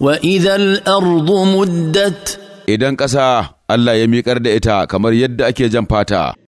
wa idan ardu muddat idan ƙasa Allah ya miƙar da ita kamar yadda ake jan fata